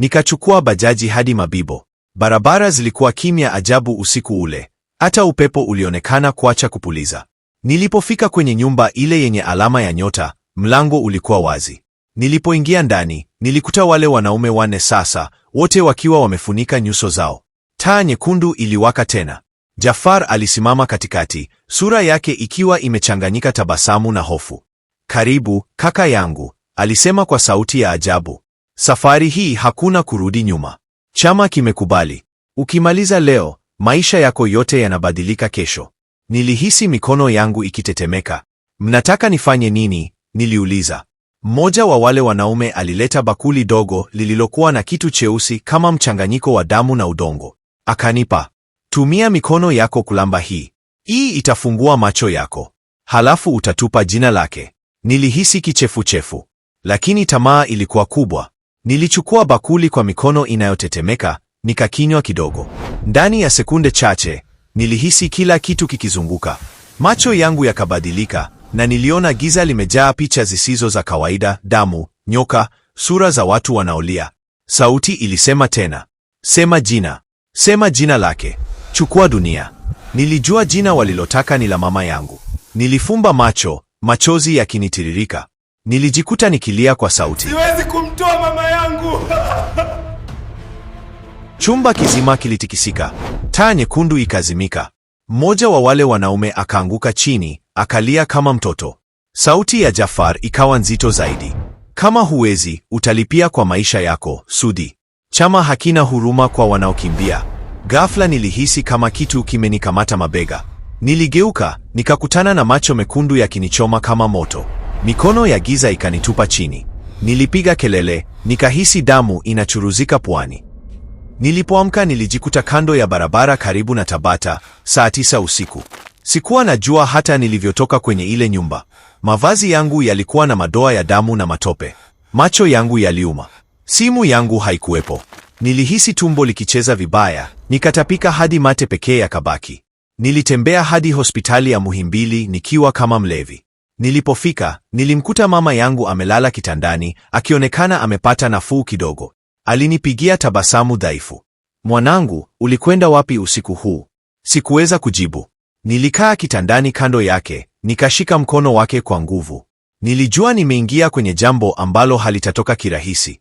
Nikachukua bajaji hadi Mabibo. Barabara zilikuwa kimya ajabu usiku ule, hata upepo ulionekana kuacha kupuliza. Nilipofika kwenye nyumba ile yenye alama ya nyota, mlango ulikuwa wazi. Nilipoingia ndani, nilikuta wale wanaume wanne sasa, wote wakiwa wamefunika nyuso zao. Taa nyekundu iliwaka tena. Jafar alisimama katikati, sura yake ikiwa imechanganyika tabasamu na hofu. Karibu kaka yangu, alisema kwa sauti ya ajabu. Safari hii hakuna kurudi nyuma. Chama kimekubali. Ukimaliza leo, maisha yako yote yanabadilika kesho. Nilihisi mikono yangu ikitetemeka. Mnataka nifanye nini? Niliuliza. Mmoja wa wale wanaume alileta bakuli dogo lililokuwa na kitu cheusi kama mchanganyiko wa damu na udongo. Akanipa. Tumia mikono yako kulamba hii. Hii itafungua macho yako. Halafu utatupa jina lake. Nilihisi kichefuchefu, lakini tamaa ilikuwa kubwa. Nilichukua bakuli kwa mikono inayotetemeka, nikakinywa kidogo. Ndani ya sekunde chache nilihisi kila kitu kikizunguka, macho yangu yakabadilika na niliona giza limejaa picha zisizo za kawaida: damu, nyoka, sura za watu wanaolia. Sauti ilisema tena, sema jina, sema jina lake, chukua dunia. Nilijua jina walilotaka ni la mama yangu. Nilifumba macho, machozi yakinitiririka. Nilijikuta nikilia kwa sauti, siwezi kumtoa mama yangu. Chumba kizima kilitikisika, taa nyekundu ikazimika. Mmoja wa wale wanaume akaanguka chini, akalia kama mtoto. Sauti ya Jafar ikawa nzito zaidi, kama huwezi, utalipia kwa maisha yako. Sudi chama hakina huruma kwa wanaokimbia. Ghafla nilihisi kama kitu kimenikamata mabega. Niligeuka, nikakutana na macho mekundu yakinichoma kama moto. Mikono ya giza ikanitupa chini. Nilipiga kelele, nikahisi damu inachuruzika puani. Nilipoamka nilijikuta kando ya barabara karibu na Tabata, saa tisa usiku. Sikuwa najua hata nilivyotoka kwenye ile nyumba. Mavazi yangu yalikuwa na madoa ya damu na matope. Macho yangu yaliuma. Simu yangu haikuwepo. Nilihisi tumbo likicheza vibaya, nikatapika hadi mate pekee yakabaki. Nilitembea hadi hospitali ya Muhimbili nikiwa kama mlevi. Nilipofika nilimkuta mama yangu amelala kitandani akionekana amepata nafuu kidogo. Alinipigia tabasamu dhaifu, mwanangu, ulikwenda wapi usiku huu? Sikuweza kujibu. Nilikaa kitandani kando yake, nikashika mkono wake kwa nguvu. Nilijua nimeingia kwenye jambo ambalo halitatoka kirahisi,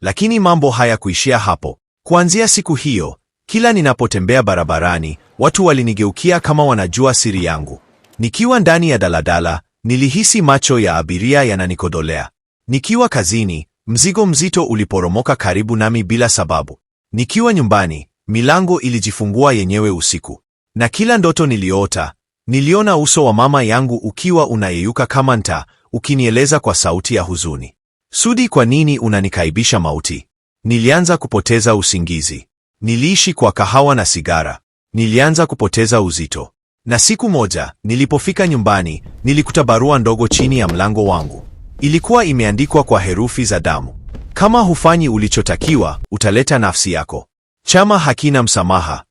lakini mambo hayakuishia hapo. Kuanzia siku hiyo, kila ninapotembea barabarani, watu walinigeukia kama wanajua siri yangu. Nikiwa ndani ya daladala, Nilihisi macho ya abiria yananikodolea. Nikiwa kazini, mzigo mzito uliporomoka karibu nami bila sababu. Nikiwa nyumbani, milango ilijifungua yenyewe usiku. Na kila ndoto niliota, niliona uso wa mama yangu ukiwa unayeyuka kama nta, ukinieleza kwa sauti ya huzuni, Sudi, kwa nini unanikaibisha mauti? Nilianza kupoteza usingizi. Niliishi kwa kahawa na sigara. Nilianza kupoteza uzito. Na siku moja nilipofika nyumbani, nilikuta barua ndogo chini ya mlango wangu. Ilikuwa imeandikwa kwa herufi za damu: kama hufanyi ulichotakiwa, utaleta nafsi yako. Chama hakina msamaha.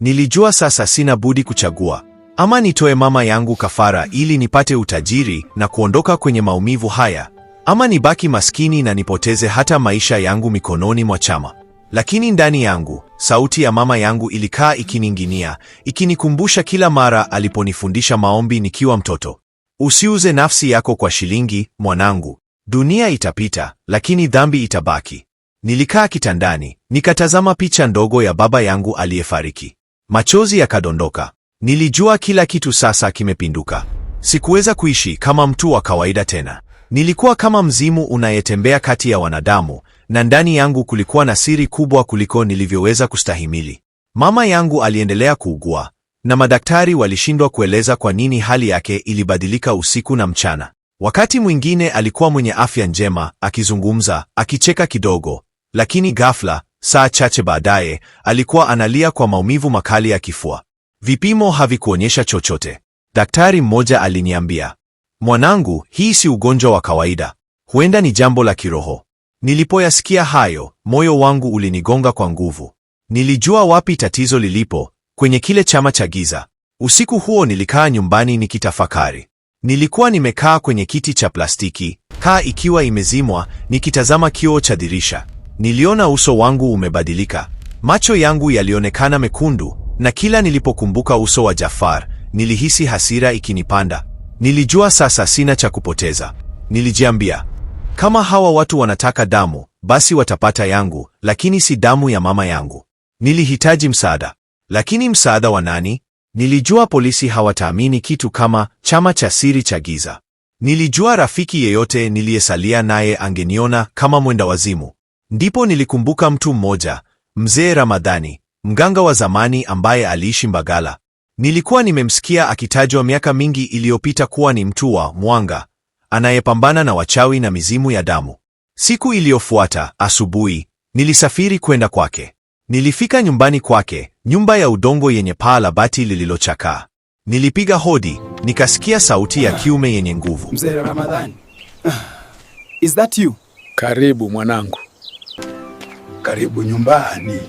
Nilijua sasa sina budi kuchagua, ama nitoe mama yangu kafara ili nipate utajiri na kuondoka kwenye maumivu haya, ama nibaki maskini na nipoteze hata maisha yangu mikononi mwa Chama. Lakini ndani yangu sauti ya mama yangu ilikaa ikininginia, ikinikumbusha kila mara aliponifundisha maombi nikiwa mtoto: usiuze nafsi yako kwa shilingi, mwanangu. Dunia itapita, lakini dhambi itabaki. Nilikaa kitandani nikatazama picha ndogo ya baba yangu aliyefariki, machozi yakadondoka. Nilijua kila kitu sasa kimepinduka. Sikuweza kuishi kama mtu wa kawaida tena. Nilikuwa kama mzimu unayetembea kati ya wanadamu, na ndani yangu kulikuwa na siri kubwa kuliko nilivyoweza kustahimili. Mama yangu aliendelea kuugua na madaktari walishindwa kueleza kwa nini hali yake ilibadilika usiku na mchana. Wakati mwingine alikuwa mwenye afya njema, akizungumza, akicheka kidogo, lakini ghafla, saa chache baadaye, alikuwa analia kwa maumivu makali ya kifua. Vipimo havikuonyesha chochote. Daktari mmoja aliniambia, mwanangu, hii si ugonjwa wa kawaida, huenda ni jambo la kiroho. Nilipoyasikia hayo, moyo wangu ulinigonga kwa nguvu. Nilijua wapi tatizo lilipo, kwenye kile chama cha giza. Usiku huo nilikaa nyumbani nikitafakari. Nilikuwa nimekaa kwenye kiti cha plastiki, kaa ikiwa imezimwa, nikitazama kioo cha dirisha. Niliona uso wangu umebadilika. Macho yangu yalionekana mekundu, na kila nilipokumbuka uso wa Jafar, nilihisi hasira ikinipanda. Nilijua sasa sina cha kupoteza. Nilijiambia, kama hawa watu wanataka damu, basi watapata yangu, lakini si damu ya mama yangu. Nilihitaji msaada, lakini msaada wa nani? Nilijua polisi hawataamini kitu kama chama cha siri cha giza. Nilijua rafiki yeyote niliyesalia naye angeniona kama mwenda wazimu. Ndipo nilikumbuka mtu mmoja, mzee Ramadhani, mganga wa zamani ambaye aliishi Mbagala. Nilikuwa nimemsikia akitajwa miaka mingi iliyopita kuwa ni mtu wa mwanga, anayepambana na wachawi na mizimu ya damu. Siku iliyofuata asubuhi, nilisafiri kwenda kwake. Nilifika nyumbani kwake, nyumba ya udongo yenye paa la bati lililochakaa. Nilipiga hodi, nikasikia sauti ya kiume yenye nguvu. Mzee Ramadhani. Is that you? Karibu mwanangu. Karibu nyumbani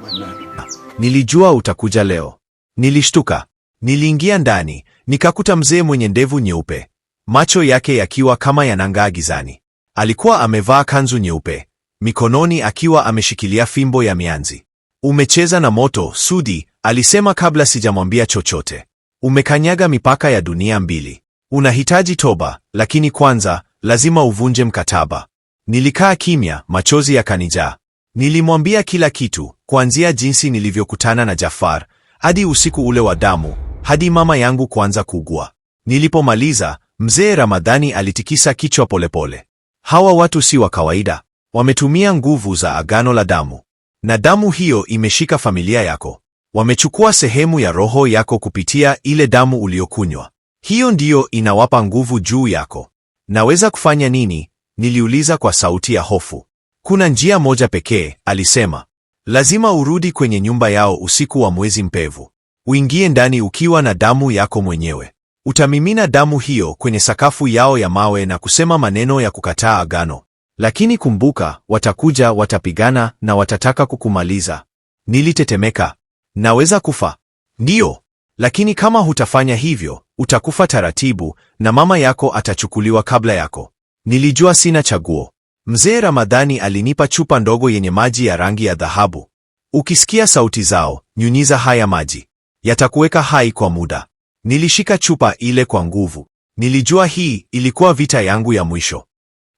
mwanangu. Nilijua utakuja leo. Nilishtuka. Niliingia ndani, nikakuta mzee mwenye ndevu nyeupe, macho yake yakiwa kama yanang'aa gizani. Alikuwa amevaa kanzu nyeupe, mikononi akiwa ameshikilia fimbo ya mianzi. Umecheza na moto, Sudi, alisema kabla sijamwambia chochote. Umekanyaga mipaka ya dunia mbili. Unahitaji toba, lakini kwanza lazima uvunje mkataba. Nilikaa kimya, machozi yakanijaa. Nilimwambia kila kitu, kuanzia jinsi nilivyokutana na Jafar hadi usiku ule wa damu, hadi mama yangu kuanza kugua. Nilipomaliza Mzee Ramadhani alitikisa kichwa polepole. Hawa watu si wa kawaida, wametumia nguvu za agano la damu, na damu hiyo imeshika familia yako. Wamechukua sehemu ya roho yako kupitia ile damu uliyokunywa. Hiyo ndiyo inawapa nguvu juu yako. Naweza kufanya nini? Niliuliza kwa sauti ya hofu. Kuna njia moja pekee, alisema. Lazima urudi kwenye nyumba yao usiku wa mwezi mpevu, uingie ndani ukiwa na damu yako mwenyewe. Utamimina damu hiyo kwenye sakafu yao ya mawe na kusema maneno ya kukataa agano. Lakini kumbuka, watakuja, watapigana na watataka kukumaliza. Nilitetemeka. Naweza kufa? Ndiyo, lakini kama hutafanya hivyo, utakufa taratibu na mama yako atachukuliwa kabla yako. Nilijua sina chaguo. Mzee Ramadhani alinipa chupa ndogo yenye maji ya rangi ya dhahabu. Ukisikia sauti zao, nyunyiza haya maji. Yatakuweka hai kwa muda. Nilishika chupa ile kwa nguvu. Nilijua hii ilikuwa vita yangu ya mwisho.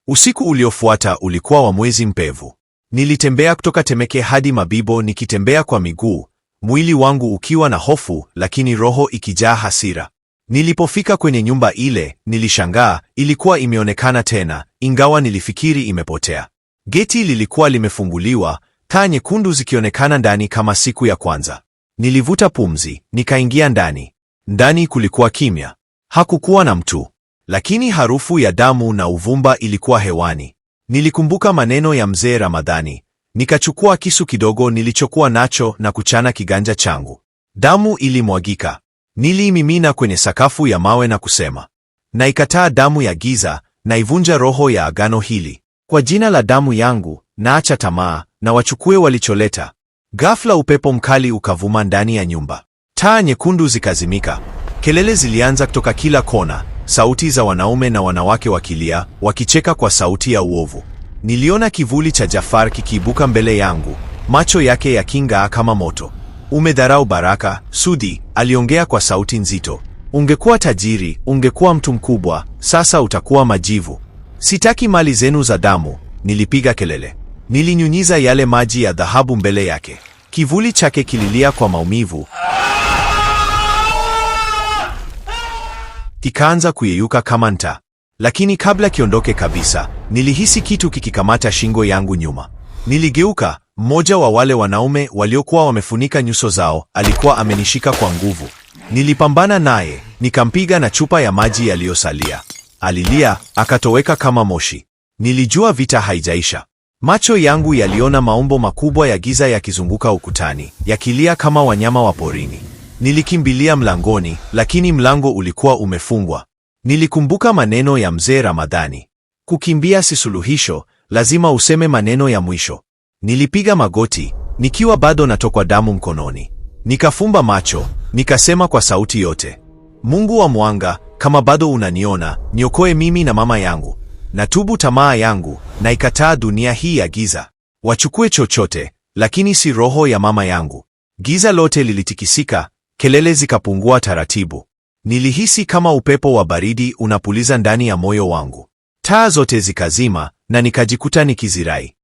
Usiku uliofuata ulikuwa wa mwezi mpevu. Nilitembea kutoka Temeke hadi Mabibo nikitembea kwa miguu, mwili wangu ukiwa na hofu lakini roho ikijaa hasira. Nilipofika kwenye nyumba ile, nilishangaa, ilikuwa imeonekana tena, ingawa nilifikiri imepotea. Geti lilikuwa limefunguliwa, taa nyekundu zikionekana ndani kama siku ya kwanza. Nilivuta pumzi, nikaingia ndani. Ndani kulikuwa kimya, hakukuwa na mtu, lakini harufu ya damu na uvumba ilikuwa hewani. Nilikumbuka maneno ya mzee Ramadhani, nikachukua kisu kidogo nilichokuwa nacho na kuchana kiganja changu. Damu ilimwagika, niliimimina kwenye sakafu ya mawe na kusema, naikataa damu ya giza, naivunja roho ya agano hili. Kwa jina la damu yangu naacha tamaa, na wachukue walicholeta. Ghafla upepo mkali ukavuma ndani ya nyumba. Taa nyekundu zikazimika, kelele zilianza kutoka kila kona, sauti za wanaume na wanawake wakilia, wakicheka kwa sauti ya uovu. Niliona kivuli cha Jafar kikiibuka mbele yangu, macho yake yaking'aa kama moto. Umedharau baraka, sudi aliongea kwa sauti nzito. Ungekuwa tajiri, ungekuwa mtu mkubwa, sasa utakuwa majivu. Sitaki mali zenu za damu, nilipiga kelele. Nilinyunyiza yale maji ya dhahabu mbele yake. Kivuli chake kililia kwa maumivu. kikaanza kuyeyuka kama nta. Lakini kabla kiondoke kabisa, nilihisi kitu kikikamata shingo yangu nyuma. Niligeuka, mmoja wa wale wanaume waliokuwa wamefunika nyuso zao alikuwa amenishika kwa nguvu. Nilipambana naye, nikampiga na chupa ya maji yaliyosalia. Alilia, akatoweka kama moshi. Nilijua vita haijaisha. Macho yangu yaliona maumbo makubwa ya giza yakizunguka ukutani, yakilia kama wanyama wa porini. Nilikimbilia mlangoni, lakini mlango ulikuwa umefungwa. Nilikumbuka maneno ya mzee Ramadhani, kukimbia si suluhisho, lazima useme maneno ya mwisho. Nilipiga magoti nikiwa bado natokwa damu mkononi, nikafumba macho, nikasema kwa sauti yote, Mungu wa mwanga, kama bado unaniona, niokoe mimi na mama yangu. Natubu tamaa yangu, na ikataa dunia hii ya giza. Wachukue chochote, lakini si roho ya mama yangu. Giza lote lilitikisika, kelele zikapungua taratibu. Nilihisi kama upepo wa baridi unapuliza ndani ya moyo wangu. Taa zote zikazima na nikajikuta nikizirai.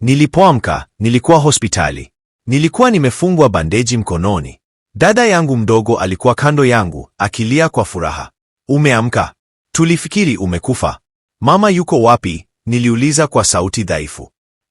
Nilipoamka nilikuwa hospitali. Nilikuwa nimefungwa bandeji mkononi. Dada yangu mdogo alikuwa kando yangu akilia kwa furaha. Umeamka? Tulifikiri umekufa. Mama yuko wapi? Niliuliza kwa sauti dhaifu.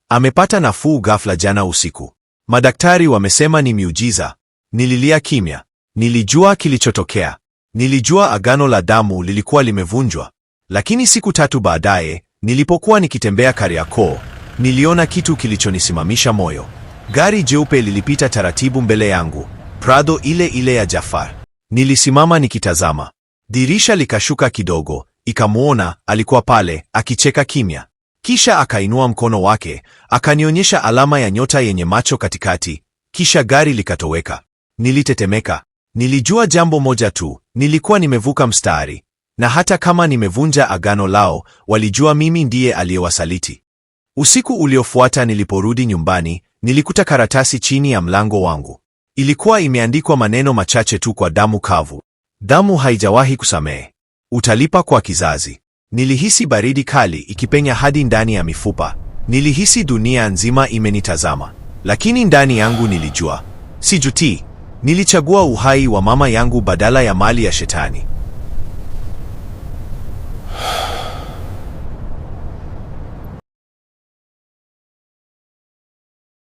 Amepata nafuu ghafla jana usiku. Madaktari wamesema ni miujiza. Nililia kimya. Nilijua kilichotokea. Nilijua agano la damu lilikuwa limevunjwa. Lakini siku tatu baadaye, nilipokuwa nikitembea Kariakoo, niliona kitu kilichonisimamisha moyo. Gari jeupe lilipita taratibu mbele yangu, Prado ile ile ya Jafar. Nilisimama nikitazama. Dirisha likashuka kidogo, ikamwona alikuwa pale akicheka kimya. Kisha akainua mkono wake, akanionyesha alama ya nyota yenye macho katikati, kisha gari likatoweka. Nilitetemeka. Nilijua jambo moja tu, nilikuwa nimevuka mstari, na hata kama nimevunja agano lao, walijua mimi ndiye aliyewasaliti. Usiku uliofuata niliporudi nyumbani, nilikuta karatasi chini ya mlango wangu. Ilikuwa imeandikwa maneno machache tu kwa damu kavu. Damu haijawahi kusamehe. Utalipa kwa kizazi. Nilihisi baridi kali ikipenya hadi ndani ya mifupa. Nilihisi dunia nzima imenitazama, lakini ndani yangu nilijua sijutii. Nilichagua uhai wa mama yangu badala ya mali ya shetani.